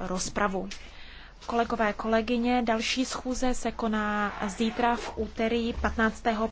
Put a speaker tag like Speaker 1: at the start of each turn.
Speaker 1: rozpravu. Kolegové, kolegyně, další schůze se koná zítra v úterý 15.